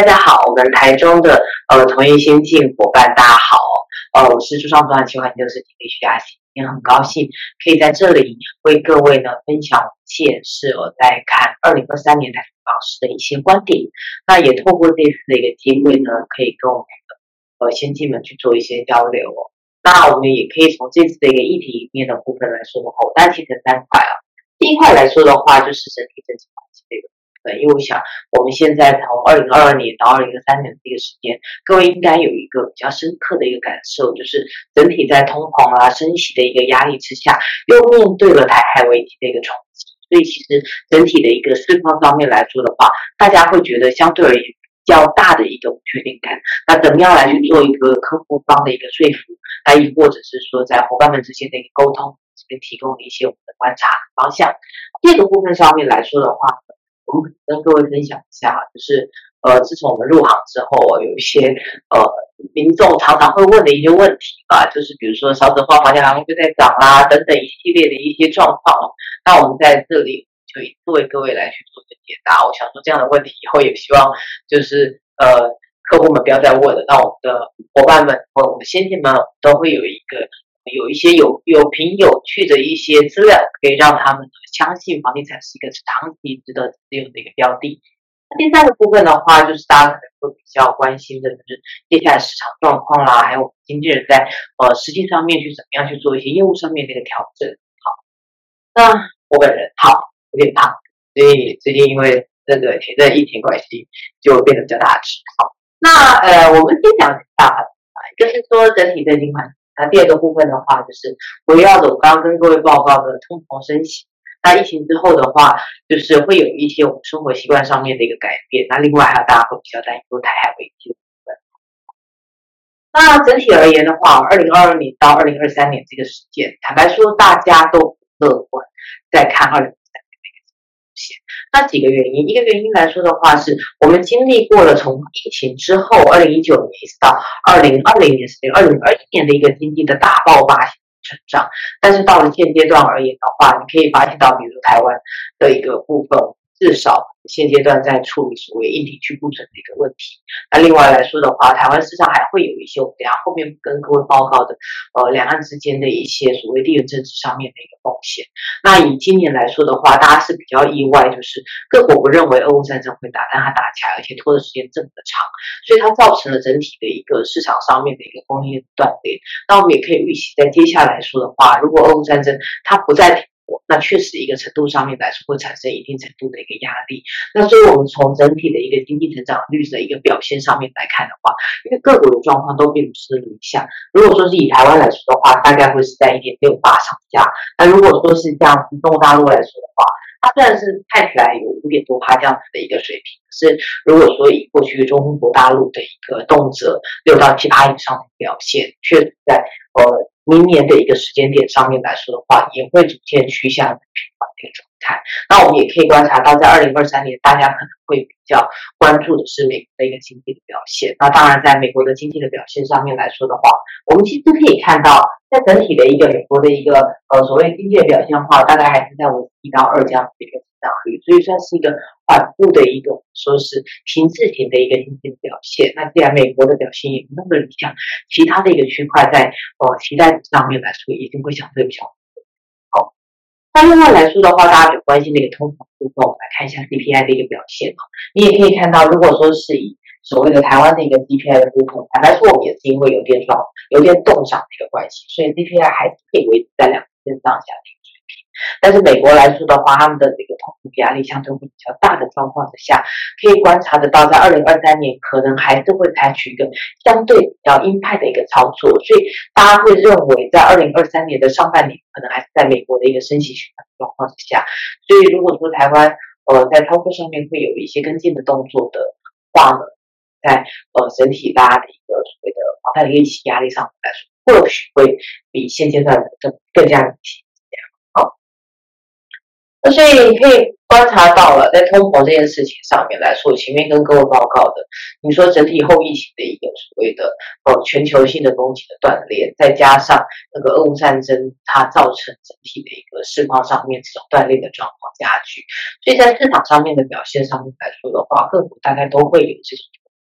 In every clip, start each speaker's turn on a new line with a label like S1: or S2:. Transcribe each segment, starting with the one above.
S1: 大家好，我們台中的呃同業先進夥伴，大家好，呃，我是住商不動產加盟總部企研室的徐佳馨，也很高興可以在這裡為各位呢分享現時我在看二零二三年台中房市的一些觀點。那也透過這次的一個機會呢，可以跟我們的呃先進們去做一些交流。那我們也可以從這次的一個議題裡面的部分來說的話，我大致分三塊啊。第一塊來說的話，就是整體政治環境的一個。因為我想，我們現在從二零二二年到二零二三年的這個時間，各位應該有一個比較深刻的一個感受，就是整體在通膨啊、升息的一個壓力之下，又面對了台海危機的一個衝擊，所以其實整體的一個市況方面來說的話，大家會覺得相對而言比較大的一個不確定感。那怎麼樣來去做一個客戶方的一個說服，那、呃、亦或者是說在夥伴們之間的一個溝通，這邊提供一些我們的觀察的方向，這個部分上面來說的話。跟各位分享一下，就是呃，自從我們入行之後有一些呃民眾常常會問的一些問題吧，就是比如說少子化房價然後就在漲啦、啊、等等一系列的一些狀況，那我們在這裡就以各位各位來去做一個解答。我想說這樣的問題以後也希望就是呃客戶們不要再問了，那我們的夥伴們和我們的先進們都會有一個。有一些有有憑有據的一些資料，可以讓他們相信房地產是一個長期值得利用的一個標的。那第三個部分的話，就是大家可能會比較關心的，就是接下來的市場狀況啦，還有經紀人在呃實際上面去怎麼樣去做一些業務上面的一個調整。好，那我本人好有點胖，所以最近因為這個現在疫情關係，就變得比較大隻。好，那呃我們先講大隻，啊，就是說整體的情況。那第二個部分的話，就是圍繞着我剛剛跟各位報告的通膨升息，那疫情之後的話，就是會有一些我們生活習慣上面的一個改變。那另外還、啊、有大家會比較擔憂台海危機的部分。那整體而言的話，二零二二年到二零二三年這個時間，坦白說，大家都不樂觀，在看二零那幾個原因，一個原因來說的話，是我們經歷過了從疫情之後，二零一九年一直到二零二零年、二零二一年的一個經濟的大爆發性成長，但是到了現階段而言的話，你可以發現到，比如說台灣的一個部分。至少現階段在處理所謂硬地去庫存的一個問題。那另外來說的話，台灣市場還會有一些我們等下後面跟各位報告的，呃，兩岸之間的一些所謂地緣政治上面的一個風險。那以今年來說的話，大家是比較意外，就是各國不認為俄烏戰爭會打，但它打起來，而且拖的時間這麼的長，所以它造成了整體的一個市場上面的一個供應鏈斷裂。那我們也可以預期，在接下來來說的話，如果俄烏戰爭它不再。那確實一個程度上面來說會產生一定程度的一個壓力。那所以我們從整體的一個經濟成長率的一個表現上面來看的話，因為各國的狀況都並不是理想。如果說是以台灣來說的話，大概會是在一點六八上下。那如果說是這樣子中國大陸來說的話，它雖然是看起來有五點多趴這樣子的一個水平，可是如果說以過去中，中國大陸的一個動輒六到七趴以上的表現，確實在呃。明年的一個時間點上面來說的話，也會逐漸趨向平緩的一個狀態。那我們也可以觀察到，在二零二三年，大家可能會比較關注的是美國的一個經濟的表現。那當然，在美國的經濟的表現上面來說的話，我們其實可以看到，在整體的一個美國的一個呃所謂經濟的表現的話，大概還是在五一到二這樣的一個。漲率，所以算是一個緩步的一個，說是停滯型的一個經濟表現。那既然美國的表現也不那麼理想，其他的一個區塊在呃期待上面來說，一定會相對比較好。那另外來說的話，大家有關心的一個通膨部分，我們來看一下 CPI 的一個表現。你也可以看到，如果說是以所謂的台灣的一個 CPI 的通膨，坦白說，我們也是因為有點狀有點凍漲的一個關係，所以 CPI 還可以維持在兩升上下去。但是美國來說的話，他們的這個通膨壓力相對會比較大的狀況之下，可以觀察得到，在二零二三年可能還是會採取一個相對比較鷹派的一個操作，所以大家會認為在二零二三年的上半年，可能還是在美國的一個升息循環的狀況之下，所以如果說台灣呃在操作上面會有一些跟進的動作的話呢，在呃整體大家的一個所謂的房貸的一個利息壓力上來說，或許會比現階段更更加明顯。那所以你可以觀察到了，在通膨這件事情上面來說，前面跟各位報告的，你說整體後疫情的一個所謂的呃、哦、全球性的供給的斷裂，再加上那個俄烏戰爭，它造成整體的一個市況上面這種斷裂的狀況加劇，所以在市場上面的表現上面來說的話，各國大概都會有這種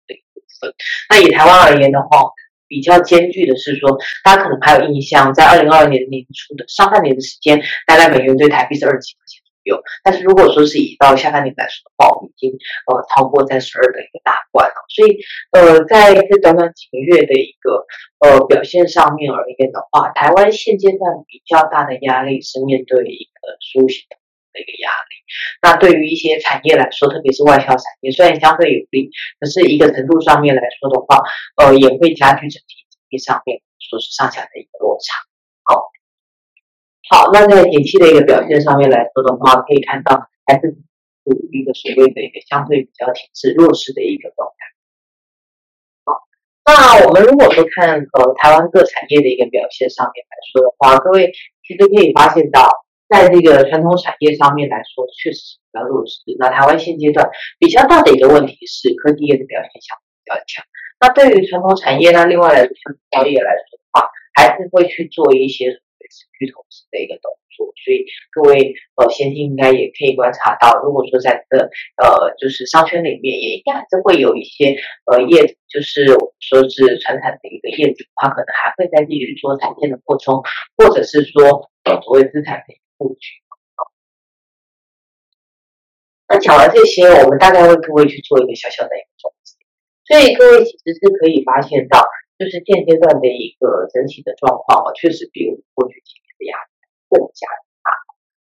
S1: 的一部分。那以台灣而言的話，比較艱巨的是說，大家可能還有印象，在二零二二年年初的上半年的時間，大概美元對台幣是二十幾塊錢。有，但是如果說是已到下半年來說的話，我們已經呃超過在十二的一個大關了，所以呃在這短短幾個月的一個呃表現上面而言的話，台灣現階段比較大的壓力是面對一個蘇行的一個壓力。那對於一些產業來說，特別是外銷產業，雖然相對有利，可是一個程度上面來說的話，呃也會加劇整體經濟上面說是上下的一個落差。好、哦。好，那在景氣的一個表現上面來說的話，可以看到還是處於一個所謂的一個相對比較停滯、弱勢的一個狀態。好，那我們如果說看呃、哦、台灣各產業的一個表現上面來說的話，各位其實可以發現到，在這個傳統產業上面來說，確實是比較弱勢。那台灣現階段比較大的一個問題是科技業的表現相對比較強。那對於傳統產業呢，那另外來說制造業來說的話，還是會去做一些。去投資的一個動作，所以各位呃，先聽應該也可以觀察到，如果說在這個、呃，就是商圈裡面也，也應該還是會有一些呃業，就是我們說是傳統的一個業主，他可能還會再繼續做產線的擴充，或者是說呃，所謂資產的布局。那講完這些，我們大概為各位去做一個小小的一個總結。所以各位其實是可以發現到。就是現階段的一個整體的狀況啊，確實比我們過去幾年的壓力更加大。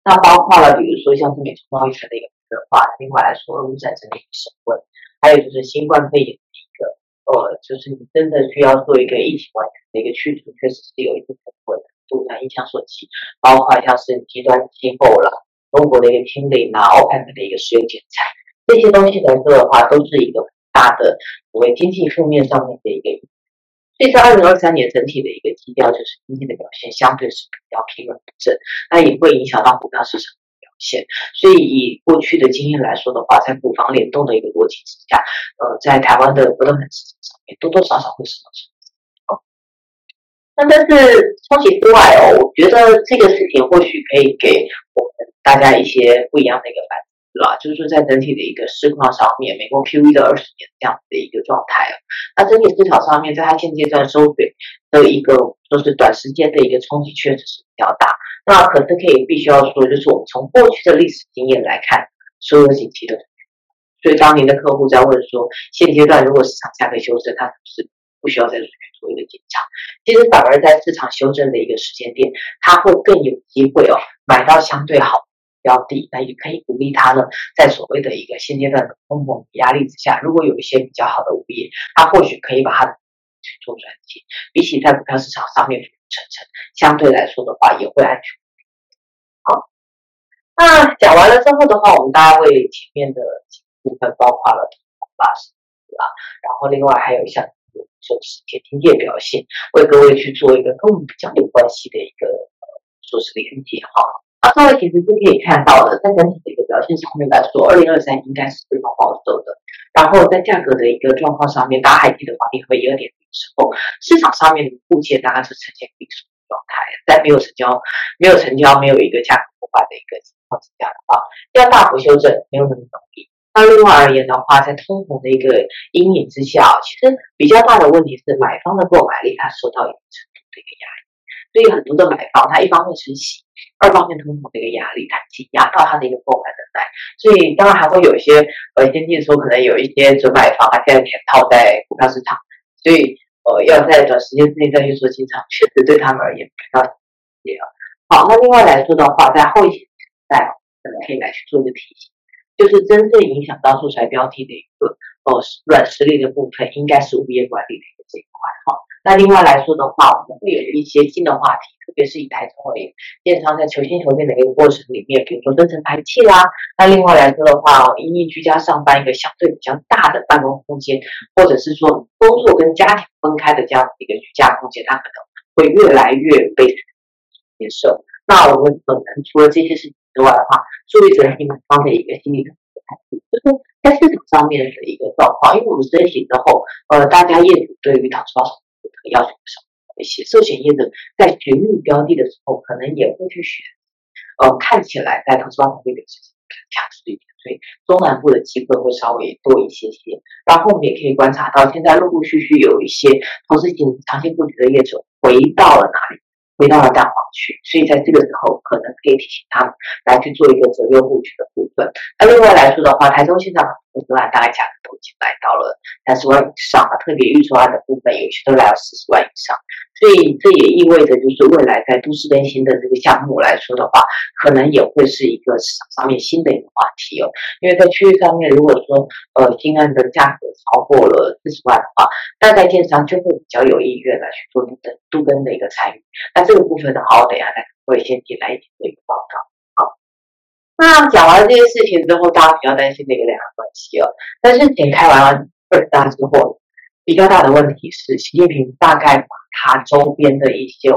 S1: 那包括了，比如說像是美國貿易的一個惡化，另外來說俄烏戰爭的一個升溫，還有就是新冠肺炎的一個，呃，就是你真的需要做一個疫情完察的一個去處，確實是有一部分的受到影響所及。包括像是極端氣候了，中國的一個清零啊，歐佩克的一個石油減產，這些東西來說的話，都是一個大的所謂經濟負面上面的一個。這是二零二三年整體的一個基調，就是經濟的表現相對是比較平穩不振，那也會影響到股票市場的表現。所以以過去的經驗來說的話，在股房聯動的一個邏輯之下，呃，在台灣的不動產市場上面多多少少會受到衝擊。那但是除此之外哦，我覺得這個事情或許可以給我們大家一些不一樣的一個反應。啊、就是說，在整體的一個市況上面，美國 QE 的二十年這樣子的一個狀態，啊，那整體市場上面，在它現階段收費的一個，就是短時間的一個衝擊確實是比較大。那可是可以必須要說，就是我們從過去的歷史經驗來看，所有景氣的，所以當您的客戶在問說，現階段如果市場價格修正，他是不是不需要再去做一個檢查？其實反而在市場修正的一個時間點，他會更有機會哦，買到相對好。較低，那也可以鼓勵他呢。在所謂的一個現階段的波動壓力之下，如果有一些比較好的物業，他或許可以把他去做轉型，比起在股票市場上面層層相對來說的話也會安全。好，那講完了之後的話，我們大家為前面的幾部分包括了啊，然後另外還有一項就是 e 聽 f 表現，為各位去做一個跟我們比較有關係的一個呃，說是連接哈。好啊，各位其實是可以看到的，在整體的一個表現上面來說，二零二三應該是非常保守的。然後在價格的一個狀況上面，大家還記得房地合一二點零的時候，市場上面的物件大概是呈現萎縮的狀態，在沒有成交、沒有成交、沒有一個價格破壞的一個情況之下的話，要大幅修正沒有那麼容易。那另外而言的話，在通膨的一個陰影之下，其實比較大的問題是買方的購買力，它受到一定程度的一個壓力。所以很多的買方，他一方面是喜，二方面通過的一個壓力，它擠壓到他的一個購買能耐。所以當然還會有一些呃，先進說可能有一些準買方，他現在全套在股票市場，所以呃要在短時間之內再去做進場，確實對他們而言比較好，好，那另外來說的話，在後疫情時代我們可，可以來去做一個提醒，就是真正影響到住宅標的的一個呃軟、哦、實力的部分，應該是物業管理的一個這一塊哈。那另外來說的話，我們會有一些新的話題，特別是以台中為例，電商在求新求變的一個過程裡面，比如說增成排氣啦。那另外來說的話，因為居家上班一個相對比較大的辦公空間，或者是說工作跟家庭分開的這樣的一個居家空間，它可能會越來越被接受。那我們可能除了這些事情之外的話，注意責任買方的一個心理的態度，就是在市場上面的一個狀況。因為我們疫情之後，呃，大家業主對於打造。這個要求不少一些，壽險業者在尋覓標的的時候，可能也會去選，呃，看起來在投資方面會比較強勢一點，所以中南部的機會會稍微多一些些。然後我們也可以觀察到，現在陸陸續續有一些投資型長期佈局的業主回到了哪裡，回到了大黃區，所以在這個時候可能可以提醒他們來去做一個擇優佈局的部分。那另外來說的話，台中現在，我跟大家大概講。已經來到了三十萬以上啊，特別預算的部分，有些都來到四十萬以上，所以這也意味着就是未來在都市更新的這個項目來說的話，可能也會是一個市場上面新的一個話題哦。因為在區域上面，如果說呃新案的價格超過了四十萬的話，那在建商就會比較有意願來去做這個都更的一個參與。那這個部分的話，等一下再會先提來一個報告。那講完這些事情之後，大家比較擔心的一個兩岸關係了。但是點開完了二大之後，比較大的問題是，習近平大概把他周邊的一些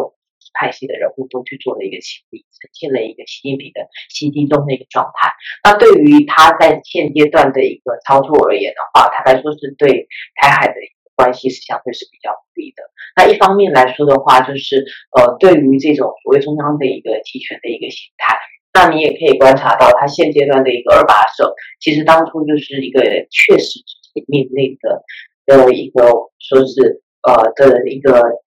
S1: 派系的人物都去做了一個清理，呈現了一個習近平的新弟中的一個狀態。那對於他在現階段的一個操作而言的話，坦白說是對台海的一個關係是相對是比較不利的。那一方面來說的話，就是呃，對於這種所謂中央的一個集權的一個形態。那你也可以觀察到，他現階段的一個二把手，其實當初就是一個確實命令的的一個說是呃的一個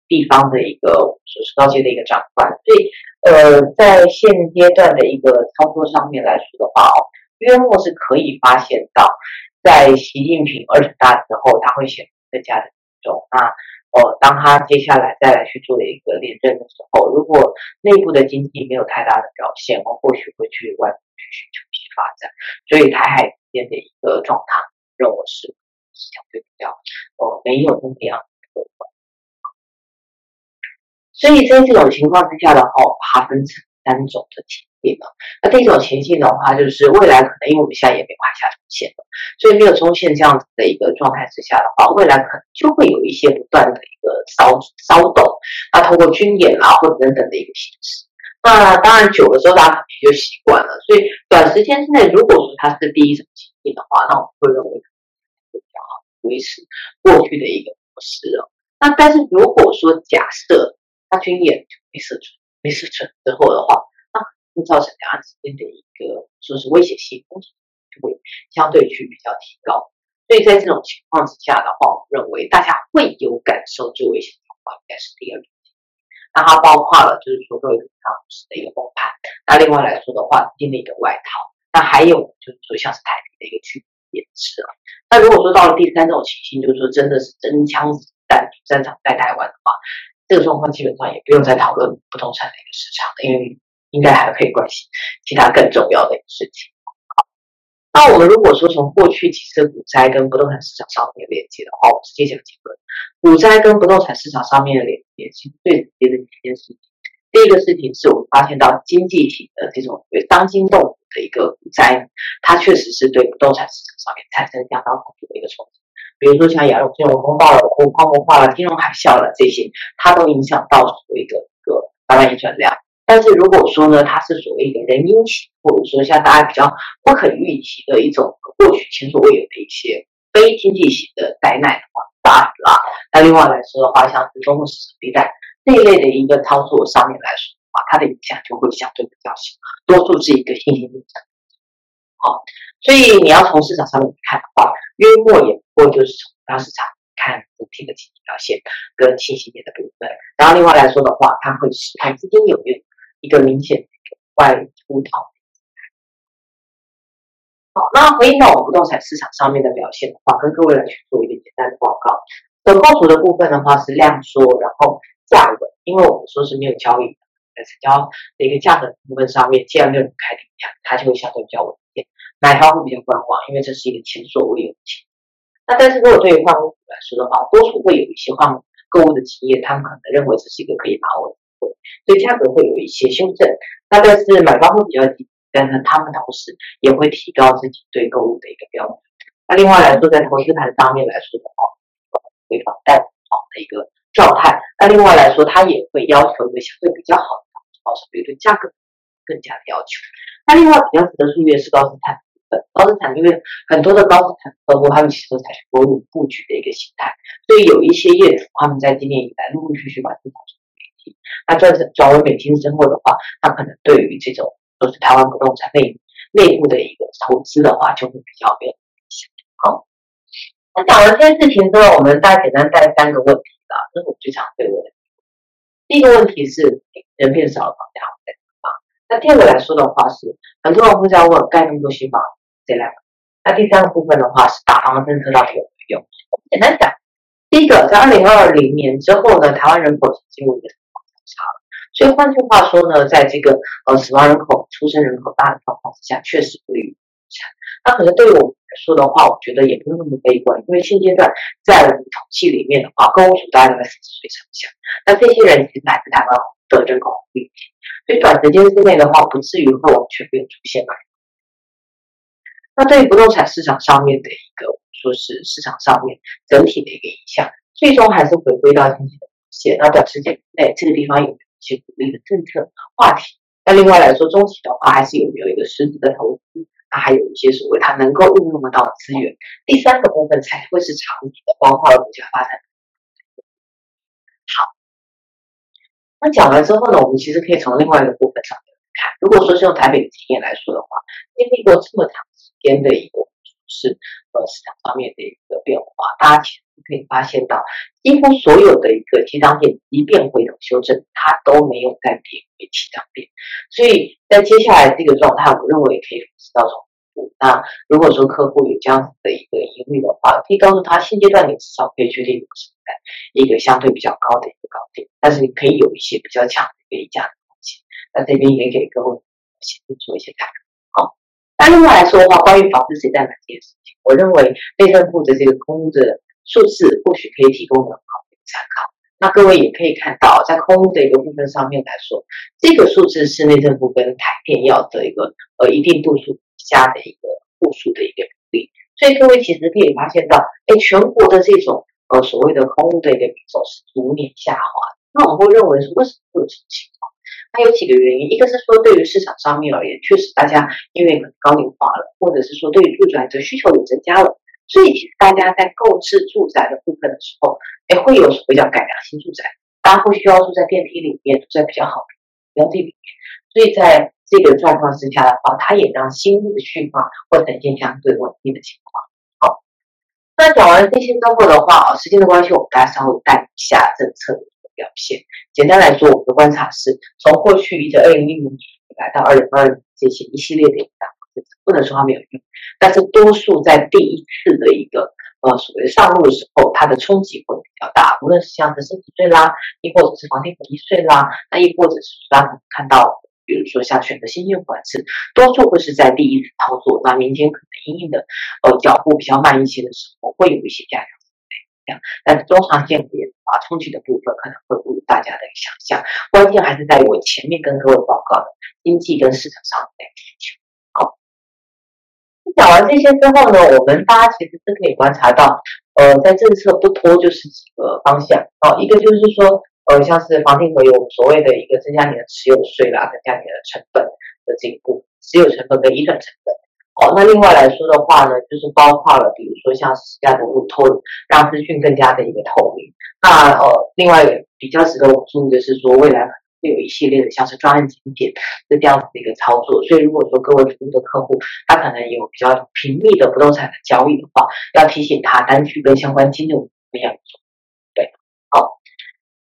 S1: 地方的一個說是高級的一個長官，所以呃在現階段的一個操作上面來說的話哦，約莫是可以發現到，在習近平二十大之後，他會顯得更加的集中。那呃、哦，當他接下來再來去做一個連任的時候，哦、如果內部的經濟沒有太大的表現，我、哦、或許會去外部去尋求一些發展。所以台海之間的一個狀態，讓我是是比較呃、哦、沒有那麼樣的樂觀。所以在這種情況之下的話，它分成三種的景。那第一種情形的話，就是未來可能因為我們現在也沒往下中線了，所以沒有中線這樣子的一個狀態之下的話，未來可能就會有一些不斷的一個騷騷動，那通、啊、過軍演啊，或者等等的一個形式。那當然久了之後，大家可能也就習慣了。所以短時間之內，如果說它是第一種情形的話，那我們會認為會比較好維持過去的一個模式哦。那但是如果說假設它軍演就沒射穿沒射穿之後的話，造成兩岸之間的一個就是威脅性風險會相對去比較提高，所以在這種情況之下的話，我認為大家會有感受最危險的話，應該是第二種，那它包括了就是說作為大城市的一個崩盤，那另外來說的話，今年的一個外逃，那還有就是說像是台幣的一個劇烈貶值了。那如果說到了第三種情形，就是說真的是真槍子彈戰場在台灣的話，這個狀況基本上也不用再討論不動產的一個市場，因為。應該還可以關心其他更重要的事情好。那我們如果說從過去幾次股災跟不動產市場上面的連接的話，我直接講結論，股災跟不動產市場上面的連、連接是最直接的一件事情。第一個事情是我們發現到經濟體的這種傷筋動骨的一個股災，它確實是對不動產市場上面產生相當恐怖的一個衝擊。比如說像亞洲金融風暴了、股泡沫化了、金融海嘯了這些，它都影響到所有的一個一個發展議程量。但是如果說呢，它是所謂的人因性，或者說像大家比較不可預期的一種，獲取前所未有的一些非經濟型的災難的話，當然了。那另外來說的話，像是中東石油地帶這一類的一個操作上面來說的話，它的影響就會相對比較小，多數是一個信心面的。好，所以你要從市場上面看的話，約莫也不過就是從大市場看整體的經濟表現跟信心面的部分。然後另外來說的話，它會是看資金有沒有。一個明顯的一個外凸套。好，那回應到我們不動產市場上面的表現的話，跟各位來去做一個簡單的報告。等購組的部分的話是量縮，然後價穩，因為我們說是沒有交易的，在成交的一個價格的部分上面，既然沒有人開底價，它就會相對比較穩定，買方會比較觀望，因為這是一個前所未有的情況。那但是如果對於換屋來說的話，多數會有一些換購物的企業他們可能認為這是一個可以把握的。對，所以價格會有一些修正，那但是買方會比較低，但是他們同時也會提高自己對購物的一個標準。那另外來說，在投資盤上面來說的話，會房貸好的一個狀態。那另外來說，他也會要求一個相對比較好的壇，或者說對價格更加的要求。那另外比較值得注意的是高資產，高資產因為很多的高資產客戶他們其實採取多入布局的一個形態，所以有一些業主他們在今年以來陸陸續續把資產那轉轉為美金之後的話，他可能對於這種就是台灣不動產內內部的一個投資的話，就會比較有影響。好，那講完這件事情之後，我們大家簡單帶三個問題啊，那個我就想對問我的。第一個問題是，人變少了，房價會怎樣？那第二個來說的話是，很多人會在問，蓋那麼多新房誰來買？那第三個部分的話是，打房政策到底有沒有用？簡單講，第一個，在二零二零年之後呢，台灣人口進入一個。差，所以換句話說呢，在這個呃死亡人口、出生人口大的狀況之下，確實不利於不動產。那可能對於我們來說的話，我覺得也不用那麼悲觀，因為現階段在我們統計裡面的話，高齡組大概在四十歲上下，那這些人佔台灣的人口紅利。所以短時間之內的話，不至於會完全出現買。那對於不動產市場上面的一個，我說是市場上面整體的一個影響，最終還是回歸到經濟。寫到短時間內，哎，這個地方有一些鼓勵的政策話題。那另外來說，中期的話，還是有沒有一個實質的投資？它、啊、還有一些所謂它能夠運用到的資源。第三個部分才會是長期的，包括了國家發展。好，那講完之後呢，我們其實可以從另外一個部分上來看。如果說是用台北的經驗來說的話，經歷過這麼長時間的一個是市市場方面的一個變化，大家其可以發現到，幾乎所有的一個起漲點，即便回頭修正，它都沒有再跌回起漲點，所以在接下來這個狀態，我認為可以維持到重複。那如果說客戶有這樣子的一個疑慮的話，可以告訴他，現階段你至少可以確定用現在一個相對比較高的一個高點，但是你可以有一些比較搶便宜價的東西，那這邊也給客戶做一些參考。好，那另外來說的話，關於房子誰在買這件事情，我認為內政部的這個空著數字或許可以提供很好的參考，考，那各位也可以看到，在空屋的一個部分上面來說，這個數字是內政部跟台電要的一個呃一定度數加的一個度數的一個比例，所以各位其實可以發現到，哎、欸，全國的這種呃所謂的空屋的一個比重是逐年下滑的。那我們會認為是為什麼會有這種情況？那有幾個原因，一個是說對於市場上面而言，確實大家因為高齡化了，或者是說對於住宅的需求也增加了。所以大家在購置住宅的部分的時候，也會有比較改良型住宅，大家會需要住在電梯裡面，住在比較好、比較地裡面。所以在這個狀況之下的話、啊，它也讓新屋的去化會呈現相對穩定的情況。好，那講完這些之後的話、啊、時間的關係，我們大家稍微帶一下政策的表現。簡單來說，我們的觀察是從過去一九二零一五年來到二零二二年這些一系列的影響。不能說它沒有用，但是多數在第一次的一個呃所謂上路的時候，它的衝擊會比較大，無論是像是增值稅啦，亦或者是房地產稅啦，那亦或者是說看到比如說像選擇性信用管制，多數會是在第一次操作，那明天可能因應的呃腳步比較慢一些的時候，會有一些加強，但是但中長線股啊衝擊的部分可能會不如大家的想象，關鍵還是在於我前面跟各位報告的經濟跟市場上的需求。講完這些之後呢，我們大家其實是可以觀察到，呃，在政策不拖就是幾個方向哦，一個就是說，呃，像是房地合一有我們所謂的一個增加你的持有稅啦，增加你的成本的進步，持有成本跟移轉成本。哦，那另外來說的話呢，就是包括了，比如說像深交所拖讓資訊更加的一個透明。那呃，另外比較值得我注意的是說未來。會有一系列的像是專案產品這樣子的一個操作，所以如果說各位服務的客戶他可能有比較頻密的不動產的交易的話，要提醒他單據跟相關金融非常重要。對，好，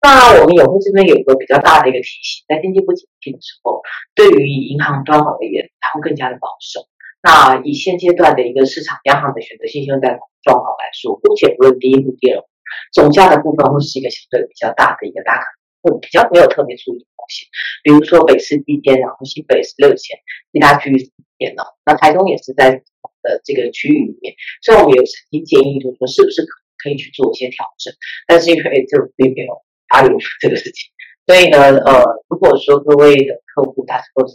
S1: 那我們永固這邊有一個比較大的一個提醒，在經濟不景氣的時候，對於銀行端而言，它會更加的保守。那以現階段的一個市場，央行的選擇性信用貸款狀況來說，目前無論第一、第二、總價的部分，會是一個相對比較大的一個大坑。我、嗯、比較沒有特別注意的東西，比如說北市一天，然後新北十六線，其他區域一間呢，那台中也是在呃這個區域裡面，所以我們也曾經建議就是說是不是可以去做一些調整，但是因為就沒有打擾這個事情，所以呢，呃，如果說各位的客戶他如果是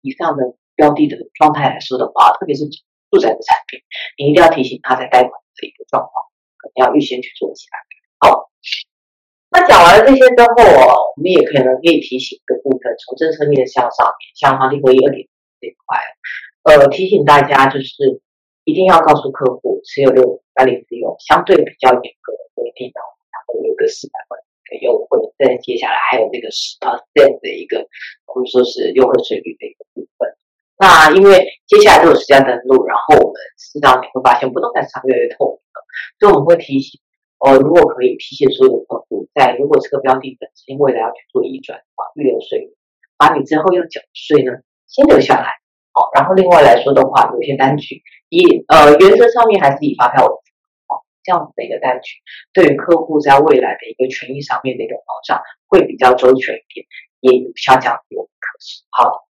S1: 以上的標的的狀態來說的話，特別是住宅的產品，你一定要提醒他在貸款的一個狀況，可能要預先去做一些安排，好。好、啊、了，這些之後，哦，我們也可能可以提醒一個部分，從政策面向上面，像房地產一二點零這塊，呃，提醒大家就是一定要告訴客戶，持有六百里只用，相對比較嚴格的規定，然後有的會有個四百萬的優惠。在接下來還有那個十0 e r c 的一個我們說是優惠稅率的一個部分。那因為接下來都有時間登錄，然後我們知道你會發現不動產市場越來越透明了，所以我們會提醒。呃，如果可以批解所有的客戶，在如果這個標的本身未來要去做一轉的話，預留稅，把你之後要繳稅呢先留下來。好，然後另外來說的話，有些單據以呃原則上面還是以發票哦這樣子的一個單據，對於客戶在未來的一個權益上面的一個保障會比較周全一點，也有效當多的科好，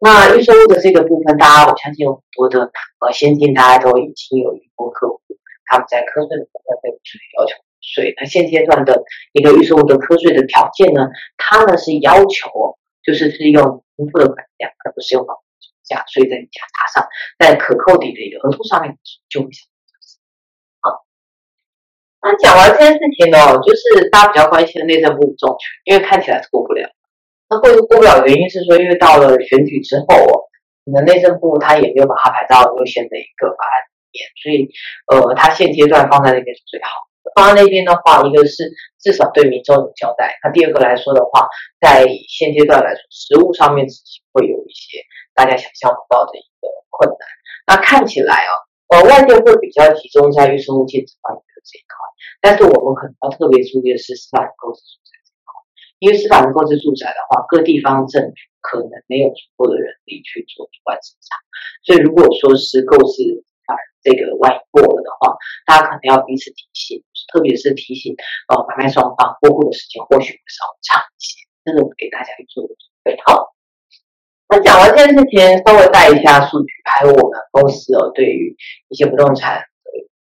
S1: 那預收入的這個部分，大家我相信有很多的呃先進，大家都已經有一波客戶。他們在課稅的部分並要求，所以他現階段的一個預售屋的課稅的條件呢，他呢是要求，哦，就是是用公付的款項，而不是用保價，所以在價差上，在可扣抵的額度上面就會少一些。好，那講完這件事情哦，就是大家比較關心的內政部重，因為看起來是過不了。那過不過不了的原因是說，因為到了選舉之後哦，你的內政部他也沒有把它排到優先的一個法案。所以呃，他現階段放在那邊是最好。放在那邊的話，一個是至少對民眾有交代。那第二個來說的話，在現階段來說，實務上面自己會有一些大家想象不到的一個困難。那看起來哦，呃，外界會比較集中在於生物建制方面的這一塊。但是我們可能要特別注意的是，私法人購置住宅這塊，因為私法人購置住宅的話，各地方政府可能沒有足夠的人力去做主管審查，所以如果說是購置。這個萬一過了的話，大家可能要彼此提醒，特別是提醒呃、哦、買賣雙方過戶的時間或許會稍長一些，這的給大家去做一個參考。那講完這件事情，稍微帶一下數據，還有我們公司哦對於一些不動產的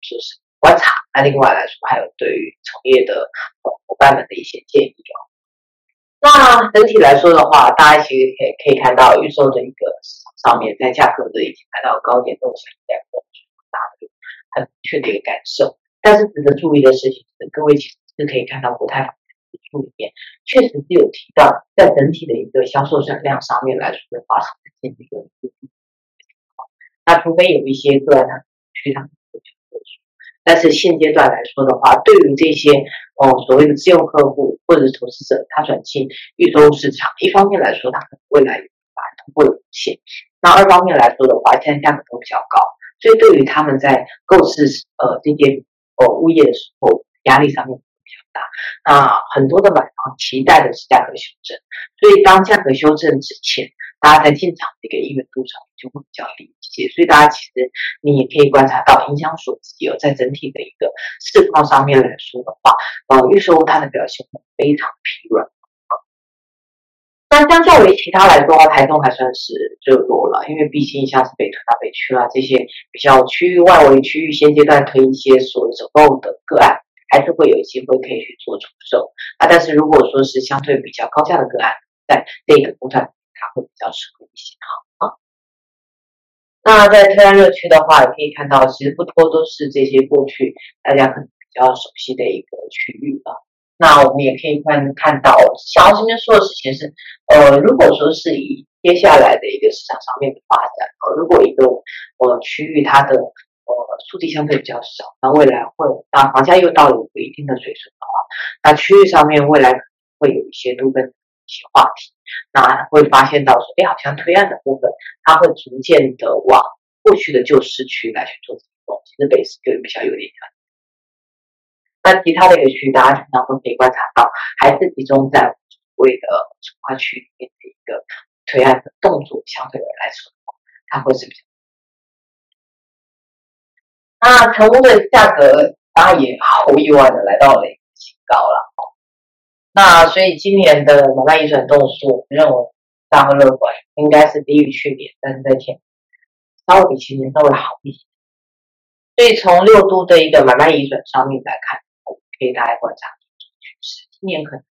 S1: 就是觀察。那另外來說，還有對於從業的夥伴，伴們的一些建議哦。那整體來說的話，大家其實可以可以看到預售的一個市場上面，在價格都已經來到高點動的，動輒兩。很明確的一個感受，但是值得注意的事情是，各位其實是可以看到國泰房產指數裡面確實是有提到，在整體的一個銷售轉量上面來說，華話，這那除非有一些個案的非常特殊的，但是現階段來說的話，對於這些哦所謂的自用客戶或者是投資者，他轉進預售市場，一方面來說他未來會來源難，會有限制，那二方面來說的話，現在價格都比較高。所以，對於他們在購置呃這些呃物業的時候，壓力上面比較大。那、啊、很多的買方、啊、期待的是價格修正，所以當價格修正之前，大家在進場的一個意願度上就會比較低一些。所以，大家其實你也可以觀察到，影響所自有、哦、在整體的一個市況上面來說的話，呃、啊，預售它的表現會非常疲軟。那相較於其他來說，台中還算是熱多了，因為畢竟像是北屯大北區啊，這些比較區域外圍區域，現階段推一些所謂走動的個案，還是會有一些機會可以去做出售啊。但是如果說是相對比較高價的個案，在這個工廠它會比較適合一些，好啊。那在推案熱區的話，也可以看到，其實不多都是這些過去大家可能比較熟悉的一個區域啊。那我們也可以看看到，小這邊說的事情是，呃，如果說是以接下來的一個市場上面的發展啊、呃，如果一個呃區域它的呃土地相對比較少，那未來會那、啊、房價又到了一定的水準的話，那區域上面未來會有一些部分一些話題，那會發現到說，哎，好像推案的部分，它會逐漸的往過去的舊市區來去做這種其實北市，就比較有點，點。那其他的一個區域，大家平常會可以觀察到，還是集中在所謂的重劃區裡面的一個推案的動作，相對來說，它會是比較好。那、啊、成屋的價格，當然也毫無意外的來到了新高了、哦、那所以今年的買賣移轉棟數，我們認為大會樂觀，應該是低於去年，但是在前稍微比去年稍微好一些。所以從六都的一個買賣移轉上面來看。可以大家觀察這今年可能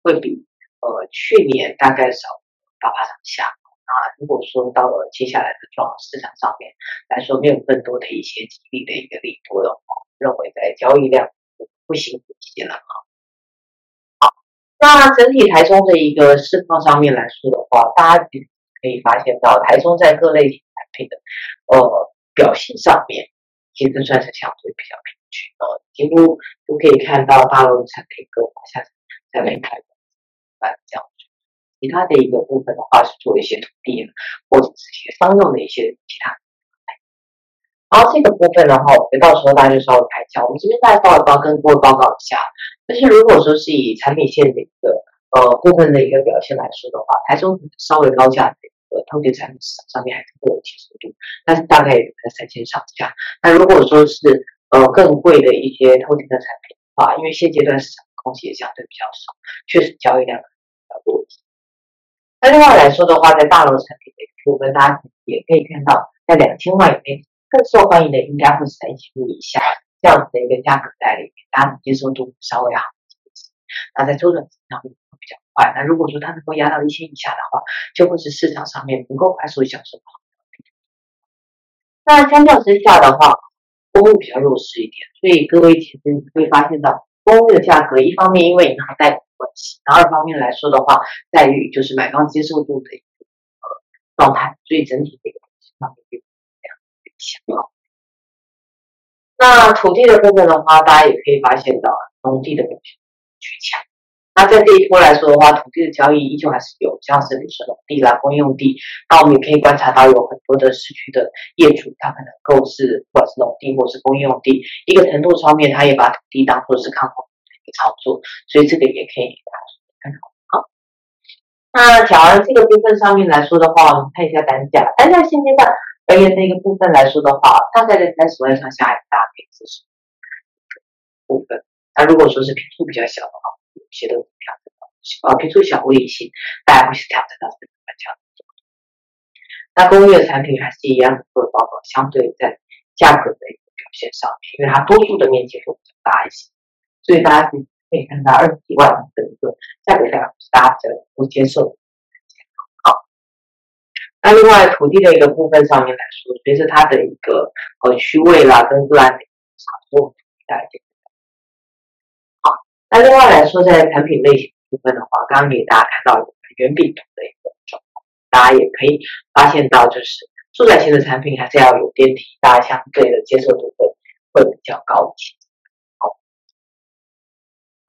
S1: 會比呃去年大概少八八上下。啊，如果說到了接下來的重要市場上面來說，沒有更多的一些激勵的一個力度的話，認為在交易量會辛苦一些了啊。好，那整體台中的一個市況上面來說的話，大家可以發現到台中在各類型產品的呃表現上面，其實算是相對比較平。哦、呃，幾乎都可以看到大產品跟其他的一個部分的話是做一些土地或者是一些商用的一些其他。然後這個部分的話，我到時候大家稍微抬我們再跟各位報告一下，但是如果說是以產品線的一個呃部分的一個表現來說的話，台中稍微高價的一個通勤產品市場上面還是會有接受度，但是大概也在三千上下。那如果說是呃，更貴的一些透天的產品的話，因為現階段市場供給也相對比較少，確實交易量比較多一些。那另外來說的話，在大樓產品的部分，我跟大家也可以看到，在兩千萬以內更受歡迎的，應該會是在一千以下這樣子的一個價格帶裡面，大家的接受度稍微好一些。那在周轉經常率會比較快。那如果說它能夠壓到一千以下的話，就會是市場上面能夠快速銷售的。那相較之下的話，公寓比較弱勢一點，所以各位其實會發現到公寓的價格，一方面因為銀行貸款關係，然後二方面來說的話，在於就是買方接受度的一個狀態，所以整體的一個情況就是這樣。那土地的部分的話，大家也可以發現到，農地的去搶。強。那在這一波來說的話，土地的交易依舊還是有像是如說土地啦、工業用地。那我們也可以觀察到，有很多的市區的業主，他可能購置不管是農地或是工業用地，一個程度上面，他也把土地當做是抗風的一個操作，所以這個也可以大家看好。那假如這個部分上面來說的話，我們看一下單價，單價現階段 A 那個部分來說的話，大概在三十萬上下，大家可以支持部分。那如果說是平數比較小的話，一些的啊，比如說小型，大家會去到這個方向。那工業產品還是一樣的，包括，包括相對在價格的一個表現上，因為它多數的面積比較大一些，所以大家可以看到二十萬的一個價格，大家能夠接受。好，那另外土地的一個部分上面來說，隨着它的一個呃區位啦，跟自然差不多大一那另外來說，在產品類型的部分的話，剛剛給大家看到有圓餅圖的一個狀況，大家也可以發現到，就是住宅型的產品還是要有電梯，大家相對的接受度會會比較高一些。好，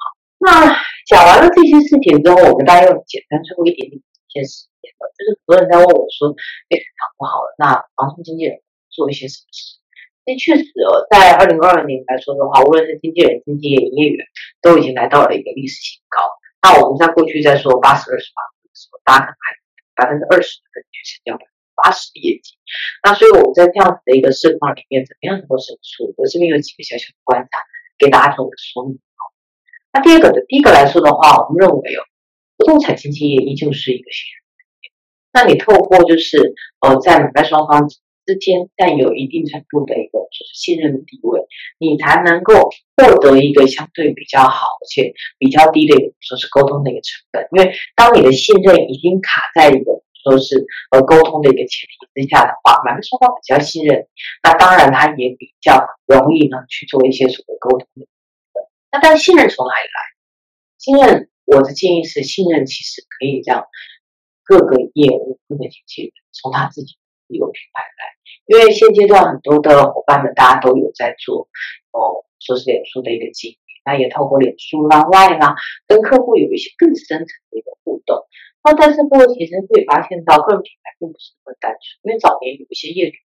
S1: 好，那講完了這些事情之後，我們大家又簡單最後一點點一件事，就是很多人在問我說：“哎，市場不好了，那房產經紀人做一些什麼事？”那確實，在二零二二年來說的話，無論是經紀人、經紀營業員，都已經來到了一個歷史新高。那我們在過去在說八十二十的時候，大概還百分之二十的人去成交百分之八十的業績。那所以我們在這樣子的一個市況裡面，怎麼樣能夠勝出？我這邊有幾個小小的觀察，給大家做個說明。那第二個的，第一個來說的話，我們認為哦，不動產經紀業依舊是一個需求，那你透過就是呃在買賣雙方。之間，帶有一定程度的一個就是信任的地位，你才能夠獲得一個相對比較好而且比較低的一個說是溝通的一個成本。因為當你的信任已經卡在一個說是呃溝通的一個前提之下的話，兩個雙方比較信任，那當然他也比較容易呢去做一些所謂溝通的。那但信任從哪裡來？信任我的建議是，信任其實可以讓各個業務各個經紀人從他自己。一個品牌來，因為現階段很多的夥伴們大家都有在做哦，說是臉書的一個經營，那也透過臉書拉、啊、外啦、啊，跟客戶有一些更深層的一個互動。那、哦、但是通過親身會發現到，個人品牌並不是那麼單純，因為早年有一些業主，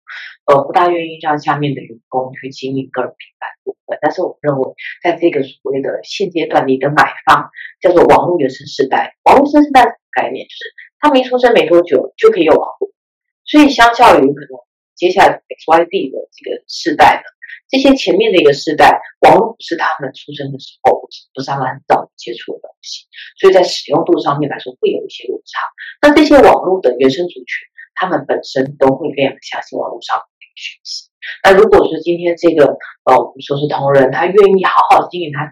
S1: 呃，不大願意讓下面的員工去經營個人品牌部分。但是我認為，在這個所謂的現階段，的一個買方叫做網絡原生世代，網絡原生世代的概念就是他沒出生沒多久就可以有網絡。所以，相較於可能接下來 X Y D 的這個世代呢，這些前面的一個世代，網絡不是他們出生的時候，不是，不是他們很早接觸的東西，所以在使用度上面來說會有一些落差。那這些網絡的原生族群，他們本身都會非常相信網絡上的訊息。那如果說今天這個呃，我們說是同仁，他願意好好的經營他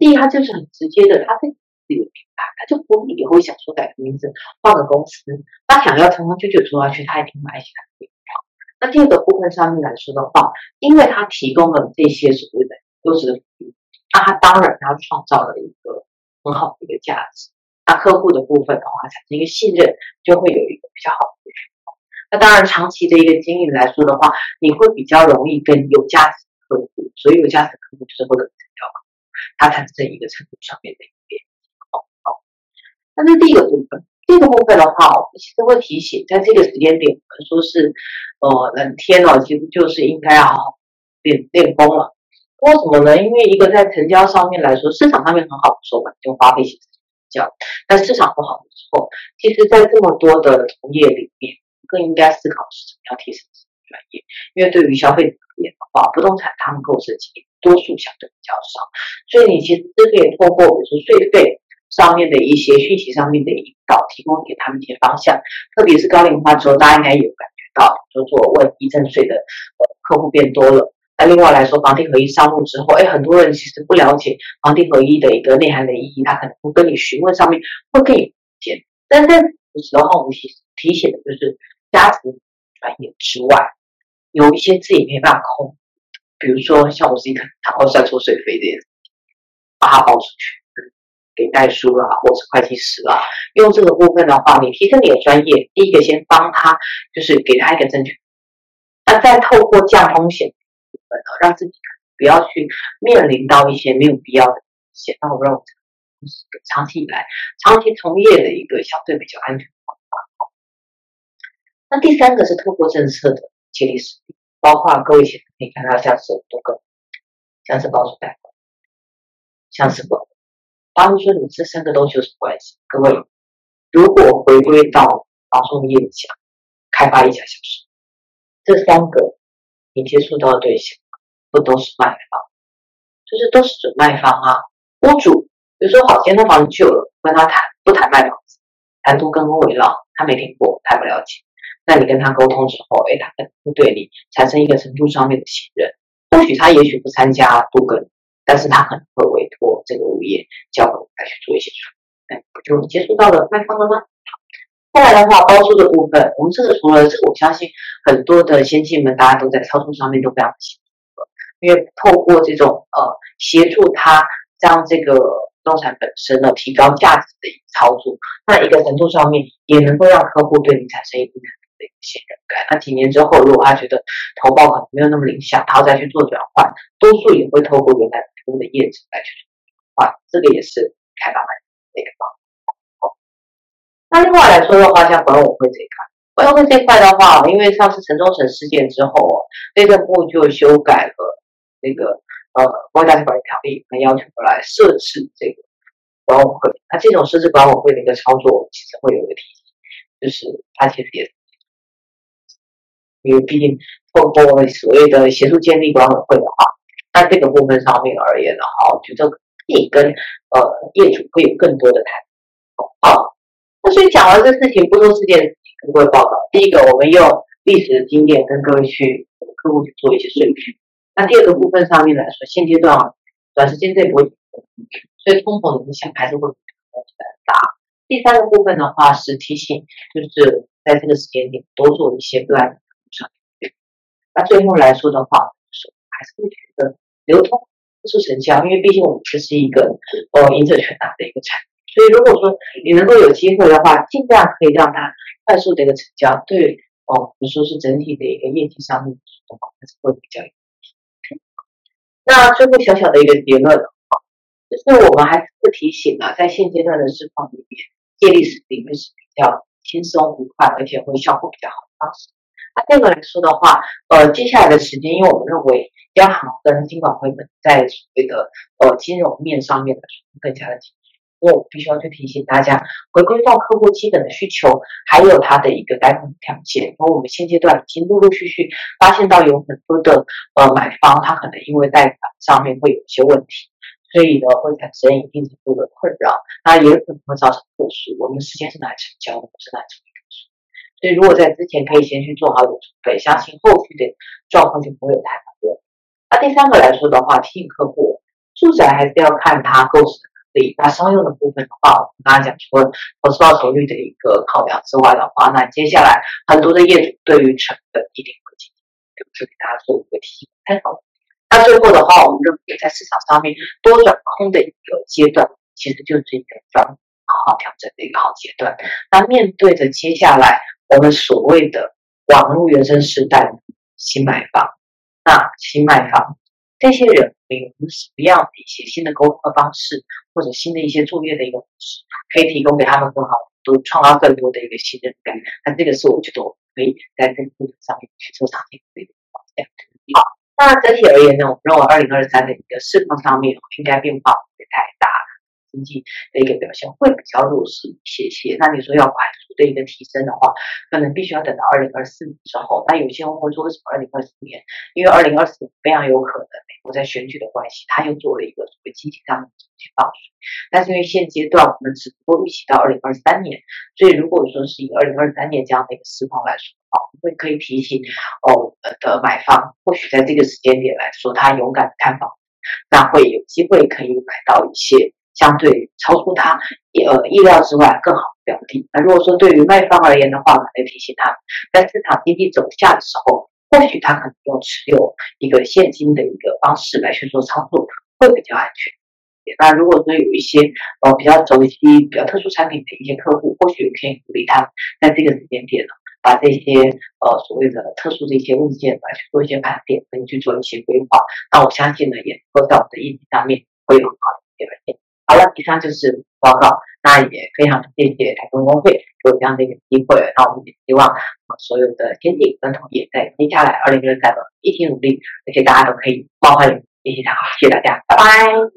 S1: 第一，他就是很直接的，他的。自、這、有、個、品牌，他就不必也會想說改個名字，換個公司。他想要成功久久做下去，他也挺買起來。的那第二個部分上面來說的話，因為他提供了這些所謂的優質的服務，那、就、他、是啊、當然他創造了一個很好的一個價值。那、啊、客戶的部分的話，產生一個信任，就會有一個比較好的互動。那當然長期的一個經營來說的話，你會比較容易跟有價值的客戶，所以有價值的客戶就是不能成交。他產生一個程度上面的。那是第一個部分，第一個部分的話，我們其實會提醒，在這個時間點，我們說是，呃，冷天哦，其實就是應該要好好練練功了。為什麼呢？因為一個在成交上面來說，市場上面很好的時候，就花費其實比較；但市場不好的時候，其實，在這麼多的同業裡面，更應該思考是怎麼，要提升什麼專業。因為對於消費者而言的話，不動產他們購置比例多數相對比較少，所以你其實這可以透過比如說稅費。上面的一些訊息，上面的引導，提供給他們一些方向。特別是高齡化之後，大家應該有感覺到，就做問遺贈稅的客戶變多了。那另外來說，房地合一上路之後，哎、欸，很多人其實不了解房地合一的一個內涵的意義，他可能不跟你詢問上面會給你，減。但是我知道我們提提醒的就是，家庭轉業之外，有一些自己沒辦法控，比如說像我自己，可能，他會算出稅費的人，把它包出去。給代書了，啊，或者是會計師了，啊，用這個部分的話，你提升你的專業。第一個先幫他，就是給他一個證據，那再透過降風險，讓自己不要去面臨到一些沒有必要的風險。那我認為長期以來長期從業的一個相對比較安全的方法。那第三個是透過政策的建立，包括各位前可以看到像是有多個像是保守代，像是次不。他們說你這三個東西有什麼關係？各位，如果回歸到房仲業裡去，開發一家小區，這三個你接觸到的對象不都,都是賣方，就是都是準賣方啊，屋主。比如說好，今天他房子舊了，跟他談不談賣房子，談都更、危老，他沒聽過，他不了解。那你跟他溝通之後，哎，他會對你產生一個程度上面的信任，或許他也許不參加都更。但是他可能會委托這個物業叫我們來去做一些處理，哎，不就接觸到的賣方了嗎？好，再來的話，包租的部分，我們這個除了這個，我相信很多的先進們，大家都在操作上面都非常清楚，因為透過這種呃協助他將這個不動產本身呢提高價值的一個操作，那一個程度上面也能夠讓客戶對你產生一定的。的一些那幾年之後，如果他覺得投報，可能沒有那麼理想，然後再去做轉換，多數也會透過原來提供的業者來去做轉換，這個也是開發版的一個方法。那另外來說的話，像管委會這一塊，管委會這一塊的話，因為上次城中城事件之後，內政部就修改了那個呃《公寓大廈管理條例》，來要求來設置這個管委會。那這種設置管委會的一個操作，其實會有一個提醒，就是它其實也。因為畢竟通過所謂的協助建立管委會的話，那這個部分上面而言的話，我覺得可以跟呃業主會有更多的談。好、啊，那所以講完這個事情，不多時間跟各位報告。第一個，我們用歷史的經驗跟各位去客戶去做一些順序。那第二個部分上面來說，現階段啊，短時間內不會，所以通膨的影響還是會比較大。第三個部分的話是提醒，就是在這個時間點多做一些端。那最後來說的話，我還是會覺得流通是成交，因為畢竟我們這是一個呃贏者全拿的一個產品，所以如果說你能夠有機會的話，盡量可以讓它快速的一個成交對，對、呃、哦，比如說是整體的一個業績上面哦，還是會比較有利。那最後小小的一個結論就是我們還是不提醒了、啊，在現階段的市場裡面，借力使力是比較輕鬆、愉快，而且會效果比較好的方式。那、啊、這個來說的話，呃，接下來的時間，因為我們認為央行跟金管會本在所謂的呃金融面上面呢，更加的緊急，因為我必須要去提醒大家，回歸到客戶基本的需求，還有他的一個貸款條件。那我們現階段已經陸陸續續發現到有很多的呃買方，他可能因為貸款上面會有一些問題，所以呢會產生一定程度的困擾，那也有可能會造成過失，我們時間是拿來成交的，不是拿來。所以，如果在之前可以先去做好的準備，相信後續的狀況就不會太難。那第三個來說的話，提醒客戶，住宅還是要看它購置能力，那商用的部分的話，我們剛剛講，除了投資報酬率的一個考量之外的話，那接下來很多的業主對於成本一定會進行，就是給大家做一個提醒參考。那最後的話，我們認為在市場上面多轉空的一個階段，其實就是一個轉好好調整的一個好階段。那面對着接下來，我們所謂的網絡原生時代的新買房，那新買房這些人，我們什麼樣的一些新的溝通的方式，或者新的一些作業的一個方式，可以提供給他們更好，都創造更多的一個新的感。那這個是我覺得我可以在這個部分上面去做長期。好，那整體而言呢，我認為二零二三的一個市場上面應該變化不太大。經濟的一個表現會比較弱勢一些些，那你說要快速的一個提升的話，可能必須要等到二零二四年之後。那有些人會說為什麼二零二四年？因為二零二四年非常有可能美國在選舉的關係，他又做了一個所謂經濟上的去放水。但是因為現階段我們只不過預期到二零二三年，所以如果說是以二零二三年這樣的一個時況來說的話，我們會可以提醒哦，我們的買方，或許在這個時間點來說，他勇敢的看房，那會有機會可以買到一些。相對超出他意呃意料之外更好的標的。那如果說對於賣方而言的話，我得提醒他，在市場經濟走下的時候，或許他可能用持有一個現金的一個方式來去做操作會比較安全。那如果說有一些呃比較走一些比較特殊產品的一些客戶，或許可以鼓勵他在這個時間點呢，把這些呃所謂的特殊的一些物件來去做一些盤點，可以去做一些規劃。那我相信呢，也能夠在我們的業績上面會有很好的一些表現。好了，以上就是報告。那也非常謝謝台中公會有這樣的一個機會，那我們也希望所有的先進、跟同業在接下來二零二三的一起努力，而且大家都可以報歡迎一起探討。謝謝大家，拜拜。